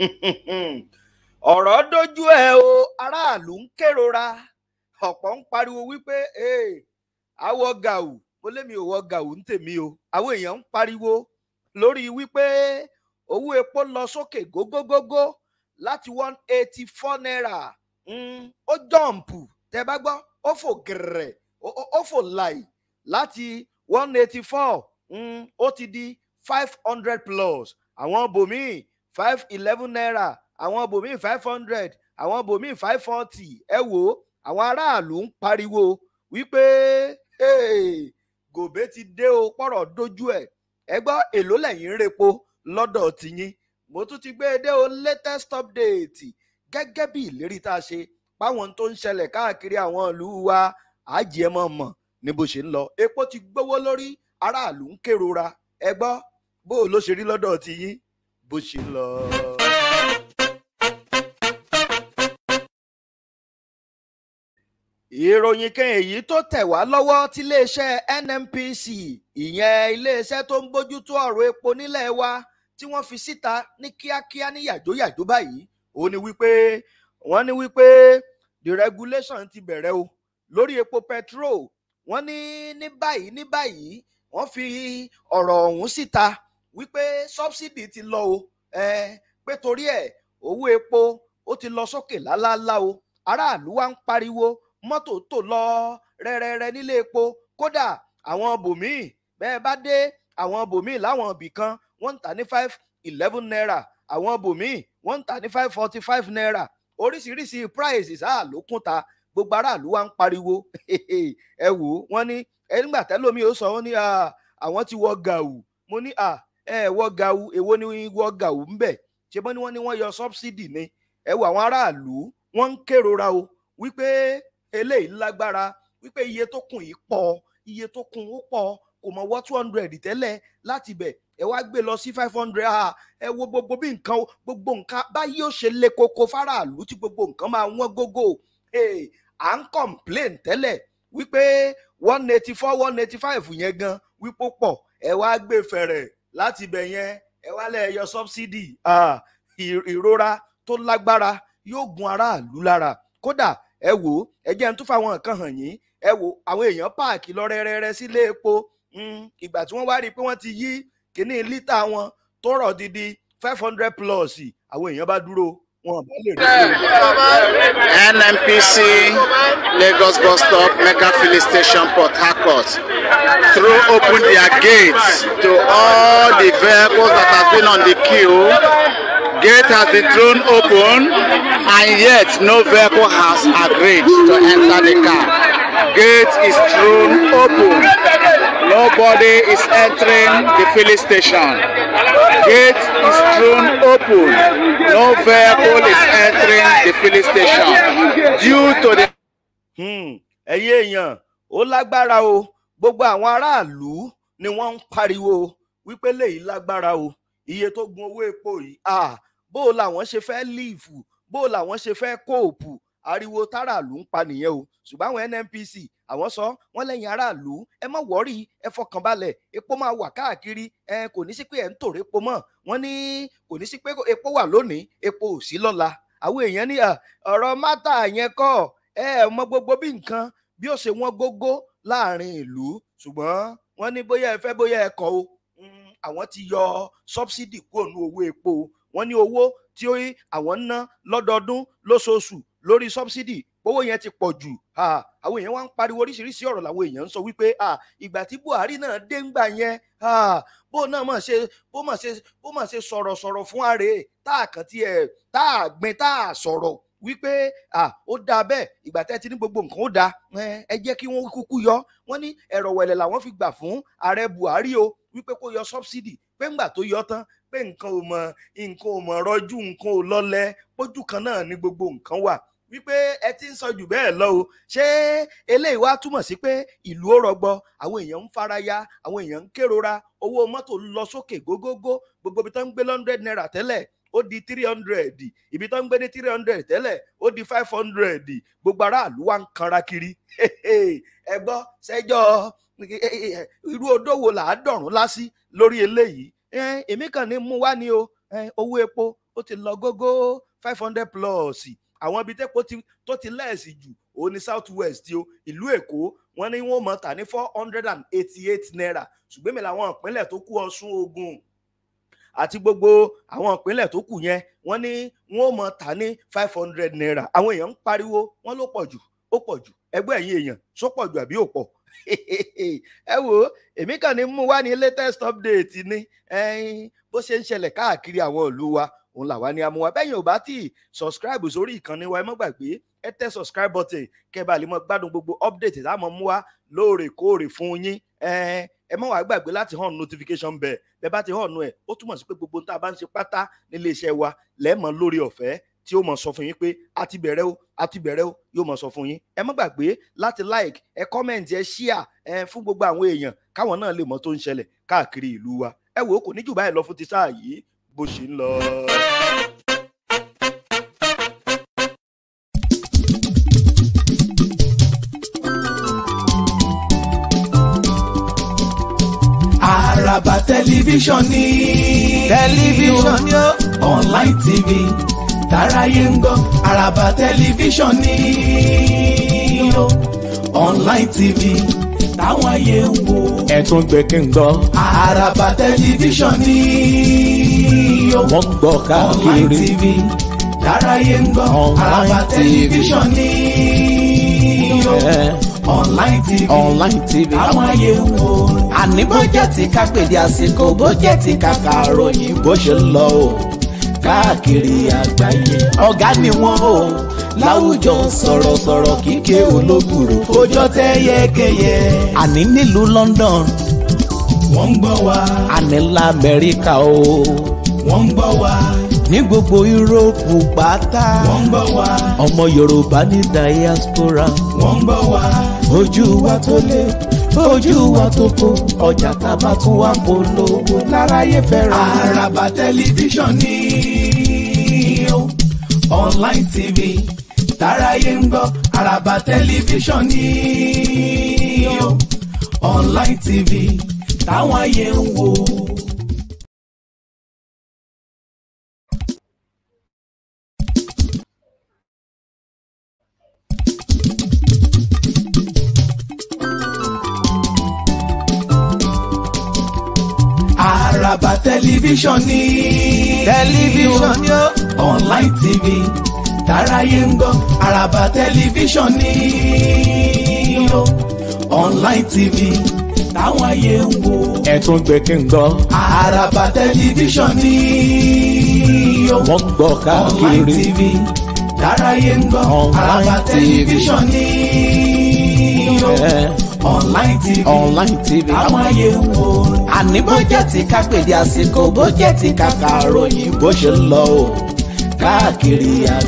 ọ̀rọ̀ dojú ẹ̀ o aráàlú ń kérora ọ̀pọ̀ ń pariwo wípé awọ gàù ó lémi ò wọ gàù ń tèmi o àwọn èèyàn ń pariwo lórí wípé owó epo lọ sókè gógógógó láti one eighty four naira hmm, ó jọ̀ǹpù bá gbọ́ ó fò gẹ̀rẹ̀ ó fò hmm, di five hundred plus àwọn five eleven naira àwọn bòmíì five hundred àwọn bòmíì five forty ẹ wò ó àwọn aráàlú ń pariwo wípé gòbé ti dé o pọ̀rọ̀ dojú ẹ̀ ẹ gbọ́ èló lẹ́yìn repo lọ́dọ̀ tìyín mo tún ti gbé e dé o latest update gẹ́gẹ́ bí ìlérí tá a ṣe páwọn tó ń ṣẹlẹ̀ káàkiri àwọn ìlú wa àjì ẹ mọ̀ mọ̀ ní bó ṣe ń lọ epo ti gbówó lórí aráàlú ń kérora ẹ gbọ́ bó o ló ṣe rí lọ́dọ̀ tìyín bó ṣe lọ. ìròyìn kan èyí tó tẹ̀ wá lọ́wọ́ tiléeṣẹ́ NNPC ìyẹn iléeṣẹ́ tó ń bójútó ọ̀rọ̀ epo nílẹ̀ wa tí wọ́n fi síta ní kíákíá ní yàjóyàjó báyìí ó ní wípé wọ́n ní wípé deregulation ti bẹ̀rẹ̀ o lórí epo petrol wọ́n ní ní báyìí ní báyìí wọ́n fi ọ̀rọ̀ ọ̀hún síta wípé sọ́bsidì ti lọ o pé torí ẹ̀ owó epo ó ti lọ sókè lálálá o aráàlú wa ń pariwo mọ́tò tò lọ rẹ́rẹ́rẹ́ nílé epo kódà àwọn bòmíì bẹ́ẹ̀ bá dé àwọn bòmíì láwọn ibì kan wọ́n ń five eleven naira àwọn bòmíì One ń five forty five naira oríṣiríṣi prices àá ló kún ta gbogbo aráàlú wa ń pariwo ẹ wò ó wọ́n ní nígbà tẹ́lómi ó sọ wọ́n ní àwọn ti wọ gàù mo ní ẹ wọ́ gàù èwo ni wọ́ gàù ń bẹ̀ ṣe bọ́ ni wọ́n ní wọ́n yọ subsidy ni ẹ wo àwọn aráàlú wọ́n ń kérora o wípé eléyìí lágbára wípé iye tó kùn yìí pọ̀ iye tó kùn ó pọ̀ kò mọ̀ wọ́ two hundred tẹ́lẹ̀ láti bẹ̀ ẹ wá gbé lọ sí five hundred ah ẹ wo gbogbo bí nǹkan gbogbo nǹkan báyìí ó ṣe le koko faraàlú tí gbogbo nǹkan máa wọ́n gógó à ń complain tẹ́lẹ̀ wípé one eighty four one eighty five yẹn gan wípé pọ̀ ẹ wá gbé fẹ̀rẹ̀ láti ibẹ̀ yẹn ẹ wálẹ̀ yọ sọ́bsidì ìrora tó lágbára yóò gun aráàlú lára kódà ẹ wò ó ẹ jẹ́ ń tún fáwọn nǹkan hàn yín ẹ wò àwọn èèyàn páàkì lọ rẹ́rẹ́rẹ́ sílé epo hmm, ìgbà tí wọ́n wá rí i pé wọ́n ti yí kíní lítà wọn tó rọ̀ didi five hundred plus àwọn èèyàn bá dúró wọn bá NNPC Lagos bus stop Mecca filling station Port Harcourt throw open their gates to all the vehicles that have been on the queue. Gate has been thrown open and yet no vehicle has agreed to enter the car. Gate is thrown open. Nobody is entering the filling station. Gate is thrown open. No vehicle is entering the filling station due to the. Hmm, ẹ̀yin èèyàn ó lágbára o gbogbo àwọn aráàlú ni wọ́n ń pariwo wípé léyìí lágbára o iye to gun owó epo yìí bó làwọn fe fẹ́ líìfù bó làwọn ṣe fẹ́ kóòpù ariwo táràlú ń pa nìyẹn o ṣùgbọ́n àwọn NNPC àwọn sọ wọ́n lẹ́yìn aráàlú ẹ má wọ́rí ẹ fọkànbalẹ̀ epo máa wà káàkiri ẹ kò ní sí pé ẹ ń tòrè epo mọ́ wọ́n ní kò ní sí pé epo wà lónìí epo ò sí lọ́la àwọn èèyàn ní ọ̀rọ̀ mátà yẹn kọ́ ẹ mọ gbogbo bí nǹkan bí ó ṣe wọ́n gógó láàrin ìlú ṣùgbọ́n wọ́n ní bóyá ẹ fẹ́ bóyá ẹ kọ̀ o hmm, àwọn ti yọ sọ́bsidì kúrò ní owó epo wọ́n ní owó tí àwọn ń ná lọ́dọọdún lóṣooṣù lórí subsidy owó yẹn ti pọ̀ jù àwọn èèyàn wá ń pariwo oríṣiríṣi ọ̀rọ̀ làwọn èèyàn ń sọ wípé ìgbà tí Buhari náà dé ń gbà yẹn bó náà mà ṣe bó mà ṣe bó mà ṣe sọ̀rọ̀ sọ̀rọ̀ fún ààrẹ tá a kàn tiẹ̀ tá a gbin tá a sọ̀rọ̀ wípé ó dáa bẹ́ẹ̀ ìgbà tẹ́ ti ní gbogbo nǹkan ó dáa ẹ jẹ́ kí wọ́n kúkú yọ wọ́n ní ẹ̀rọ̀ wẹ̀lẹ̀ làwọn fi gbà fún ààrẹ Buhari o wípé kó yọ subsidy pé ńgbà tó yọ tán pé nǹkan ò mọ̀ nǹkan ò mọ̀ rọjú nǹkan ò lọ́lẹ̀ pójú kan náà ni gbogbo nǹkan wà wípé ẹ ti ń sọ jù bẹ́ẹ̀ lọ o ṣé eléyìí wá túmọ̀ sí pé ìlú ó rọgbọ àwọn èèyàn ń faraya àwọn èèyàn ń kérora owó mọ́tò lọ sókè gógógó gbogbo ibi tó ń gbé lọ́ndrẹ́d náírà tẹ́lẹ̀ ó di three hundred ibi tó ń gbé ní three hundred tẹ́lẹ̀ ó di five hundred gbogbo aráàlú wa ń kanra kiri ẹ gbọ́ sẹ́jọ́ irú odò wo là á dọ̀rùn lásì lórí eléyìí èmi kàn ní mú wá ni o owó epo ó ti lọ gógó five hundred plus àwọn ibi tẹ́pọ̀ tó ti lẹ́ẹ̀sì jù òun ni south west tí o ìlú èkó wọ́n ní wọ́n mọ̀ tà ní four hundred and eighty eight naira ṣùgbọ́n mi làwọn ìpínlẹ̀ tó kù ọ̀ṣun ògùn àti gbogbo àwọn ìpínlẹ̀ tó kù yẹn wọ́n ní wọ́n mọ̀ tà ní five hundred naira àwọn èèyàn ń pariwo wọ́n ló pọ̀ jù ó pọ̀ jù ẹgbẹ́ ẹ̀yin èèyàn só pọ̀ jù àbí ò pọ̀ ẹ wo èmi kàn ní mú wá ní latest update ni bó ṣe ń ṣẹlẹ̀ káàkiri àwọn ìlú wa òun làwa ni amúwa bẹ́yìn ò bá tí subscribe sórí ìkànnì wa ẹ mọ́ gbàgbé ẹ tẹ subscribe button kẹba lè mọ gbádùn gbogbo update tá a mọ mú wa lóòrèkóòrè fún yín ẹ mọ̀ wá gbàgbé láti hàn notification bell bẹ́ẹ̀ bá ti hàn ẹ̀ ó túmọ̀ sí pé gbogbo tá a bá ń ṣe pátá nílé iṣẹ́ wa lẹ́ẹ̀mọ́ lórí ọ̀fẹ́ tí ó mọ̀ sọ fún yín pé a ti bẹ̀rẹ̀ o a ti bẹ̀rẹ̀ o yóò mọ̀ sọ fún yín ẹ má gbàgbé láti like ẹ comment ẹ share ẹ fún gbogbo àwọn èèyàn káwọn náà lè mọ̀ tó ń ṣẹlẹ̀ káàkiri ìlú wa ẹ wò ó kò ní jù báyìí lọ fún ti sáà yìí bó ṣe ń lọ. àràbà tẹlifíṣàn ni tẹlifíṣàn ni ó online tv tàráyé ń gbọ́ àràbà tẹlifíṣàn ni online tv táwọn yẹ ń wo. ẹ gbé kí n gbọ́. àràbà tẹlifíṣàn ni yóò. wọ́n gbọ́ káàkiri. online tv dáráyé ń gbọ́. àràbà tẹlifíṣàn ni yóò. online tv online tv táwọn yẹ ń wo. àní bó jẹ́ ti ká pèdé àsìkò bó jẹ́ ti ká kàròyìn bó ṣe lọ o káàkiri àgbáyé ọ̀gá ni wọ́n o láwùjọ sọ̀rọ̀sọ̀rọ̀ kíkẹ́ olóbùrò kójọ́ tẹ́ yẹ́kẹ́yẹ́. àní nílùú London. wọ́n ń gbọ́ wa. àní la Amẹ́ríkà o. wọ́n ń gbọ́ wa. ní gbogbo Yúróòpù pátá. wọ́n ń gbọ́ wa. ọmọ Yorùbá ní diaspora. wọ́n ń gbọ́ wa. ojú wa tó lé ojú wa tó kó ọjà tábà tún wá polówó láráyé fẹ́ràn. Àràbà tẹlifíṣàn ni ó online tv táráyé ń gbọ́ àràbà tẹlifíṣàn ni o online tv táwọn ayé ń wò. àràbà tẹlifíṣàn ni o. online tv táráyé ń gbọ́ àràbà tẹlifíṣàn ni ó online tv táwọn ayé ń wo. ẹ̀tún gbẹ̀kẹ̀ ń gbọ́. àràbà tẹlifíṣàn ni ó. wọ́n gbọ́ káàkiri. online tv táráyé ń gbọ́. àràbà tẹlifíṣàn ni ó. online tv online tv táwọn ayé ń wo. àní bó jẹ́ ti ká pèdé àsìkò bó ti ká kàròyìn bó ṣe lọ o káàkiri àgbà.